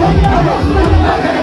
Vamos,